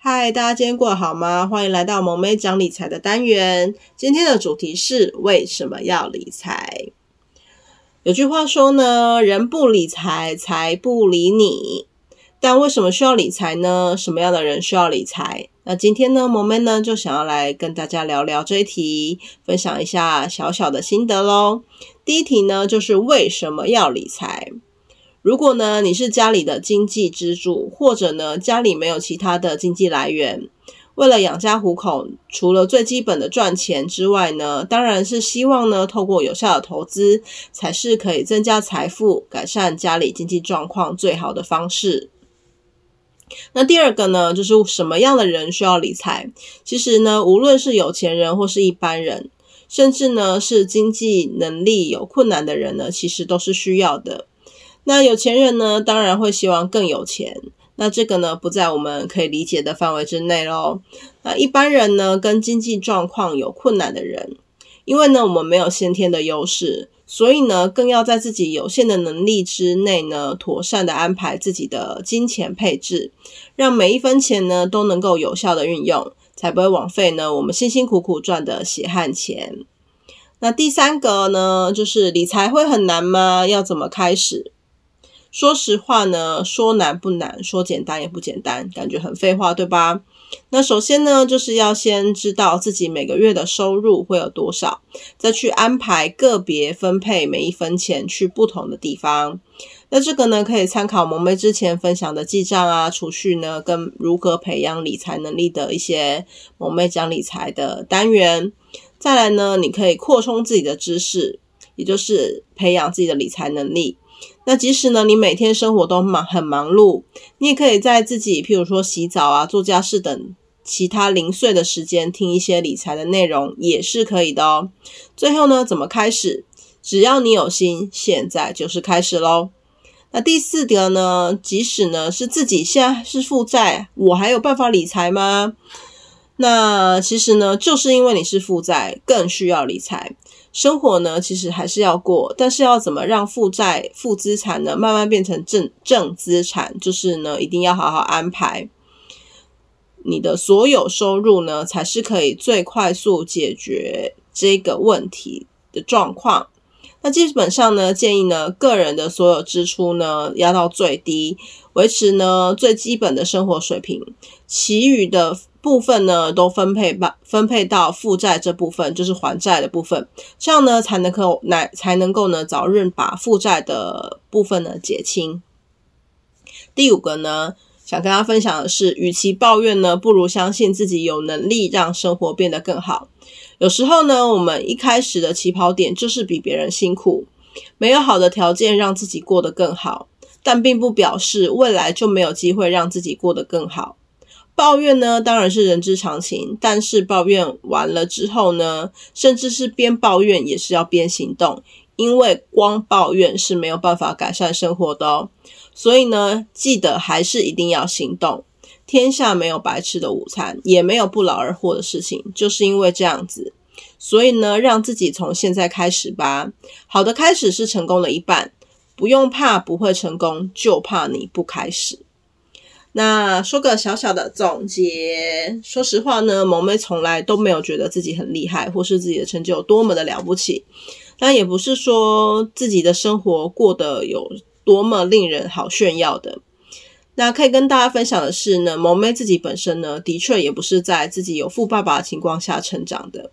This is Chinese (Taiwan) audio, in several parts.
嗨，大家今天過好嗎？歡迎來到萌咩講理財的單元。今天的主題是為什麼要理財？有句話說呢，人不理財，財不理你。但為什麼需要理財呢？什麼樣的人需要理財？那今天呢，萌咩呢就想要來跟大家聊聊這一題，分享一下小小的心得嘍。第一題呢，就是為什麼要理財？如果呢，你是家裡的經濟支柱，或者呢，家裡沒有其他的經濟來源，為了養家糊口，除了最基本的賺錢之外呢，當然是希望呢，透過有效的投資，才是可以增加財富，改善家裡經濟狀況最好的方式。那第二個呢，就是什麼樣的人需要理財？其實呢，無論是有錢人或是一般人，甚至呢，是經濟能力有困難的人呢，其實都是需要的。那有錢人呢，當然會希望更有錢。那這個呢，不在我們可以理解的範圍之內嘍。那一般人呢，跟經濟狀況有困難的人，因為呢，我們沒有先天的優勢，所以呢，更要在自己有限的能力之內呢，妥善的安排自己的金錢配置，讓每一分錢呢，都能夠有效的運用，才不會枉費呢，我們辛辛苦苦賺的血汗錢。那第三個呢，就是理財會很難嗎？要怎麼開始？說實話呢，說難不難，說簡單也不簡單，感覺很廢話，對吧？那首先呢，就是要先知道自己每個月的收入會有多少，再去安排個別分配每一分錢去不同的地方。那這個呢，可以參考萌咩之前分享的記賬啊、儲蓄呢，跟如何培養理財能力的一些萌咩講理財的單元。再來呢，你可以擴充自己的知識，也就是培養自己的理財能力。那即使呢，你每天生活都忙很忙碌，你也可以在自己譬如說洗澡啊、做家事等其他零碎的時間聽一些理財的內容，也是可以的哦。最後呢，怎麼開始？只要你有心，現在就是開始嘍。那第四個呢，即使呢是自己現在是負債，我還有辦法理財嗎？那其實呢，就是因為你是負債，更需要理財。生活呢，其實還是要過，但是要怎麼讓負債、負資產呢，慢慢變成正正資產，就是呢，一定要好好安排你的所有收入呢，才是可以最快速解決這個問題的狀況。那基本上呢，建議呢，個人的所有支出呢，壓到最低，維持呢最基本的生活水平，其餘的部分呢都分配，把分配到負債這部分，就是還債的部分，這樣呢才能夠來才能夠呢早日把負債的部分呢結清。第五個呢，想跟大家分享的是，與其抱怨呢，不如相信自己有能力讓生活變得更好。有時候呢，我們一開始的起跑點就是比別人辛苦，沒有好的條件讓自己過得更好，但並不表示未來就沒有機會讓自己過得更好。抱怨呢，當然是人之常情，但是抱怨完了之後呢，甚至是邊抱怨也是要邊行動，因為光抱怨是沒有辦法改善生活的哦。所以呢，記得還是一定要行動。天下沒有白吃的午餐，也沒有不勞而獲的事情，就是因為這樣子，所以呢，讓自己從現在開始吧。好的開始是成功的一半，不用怕不會成功，就怕你不開始。那說個小小的總結，說實話呢，萌咩從來都沒有覺得自己很厲害，或是自己的成就有多麼的了不起，那也不是說自己的生活過得有多麼令人好炫耀的。那可以跟大家分享的是呢，萌咩自己本身呢，的確也不是在自己有富爸爸的情況下成長的，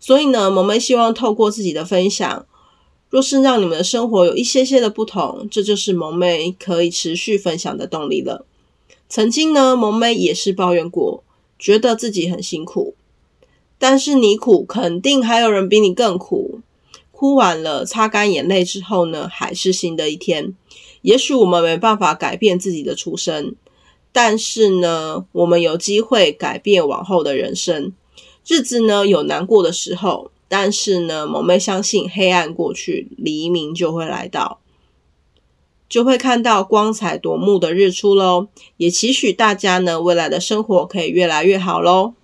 所以呢，萌咩希望透過自己的分享，若是讓你們的生活有一些些的不同，這就是萌咩可以持續分享的動力了。曾經呢，萌咩也是抱怨過，覺得自己很辛苦，但是你苦，肯定還有人比你更苦。哭完了，擦乾眼淚之後呢，還是新的一天。也許我們沒辦法改變自己的出生，但是呢，我們有機會改變往後的人生。日子呢，有難過的時候，但是呢，萌咩相信黑暗過去，黎明就會來到，就會看到光彩奪目的日出嘍。也期許大家呢，未來的生活可以越來越好嘍。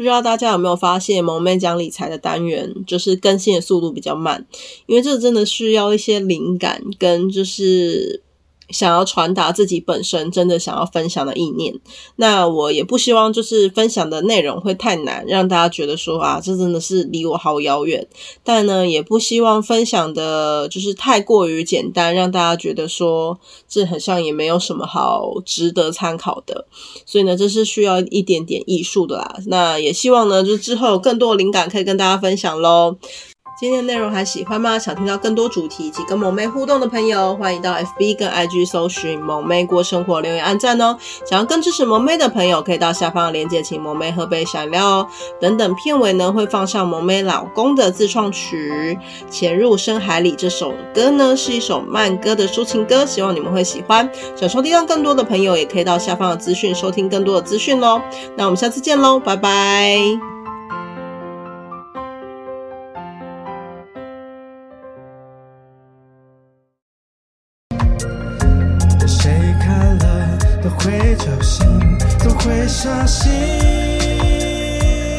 不知道大家有沒有發現，萌咩講理財的單元就是更新的速度比較慢，因為這真的需要一些靈感跟就是。想要傳達自己本身真的想要分享的意念，那我也不希望就是分享的內容會太難，讓大家覺得說啊，這真的是離我好遙遠。但呢，也不希望分享的就是太過於簡單，讓大家覺得說這好像也沒有什麼好值得參考的。所以呢，這是需要一點點藝術的啦。那也希望呢，就是之後有更多靈感可以跟大家分享嘍。今天的內容還喜歡嗎？想聽到更多主題以及跟萌咩互動的朋友，歡迎到 FB 跟 IG 搜尋“萌咩過生活”留言按讚哦、喔。想要更支持萌咩的朋友，可以到下方的鏈接，請萌咩喝杯飲料哦、喔。等等片尾呢，會放上萌咩老公的自創曲《潛入深海裡》。這首歌呢，是一首慢歌的抒情歌，希望你們會喜歡。想收聽到更多的朋友，也可以到下方的資訊收聽更多的資訊嘍。那我們下次見嘍，拜拜。心都會傷心。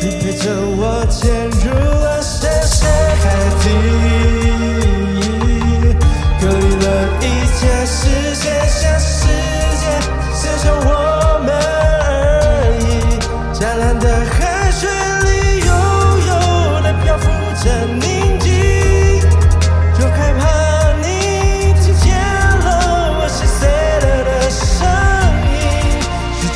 你陪,陪着我潛入了深深海底，隔離了一切視線，向世界伸手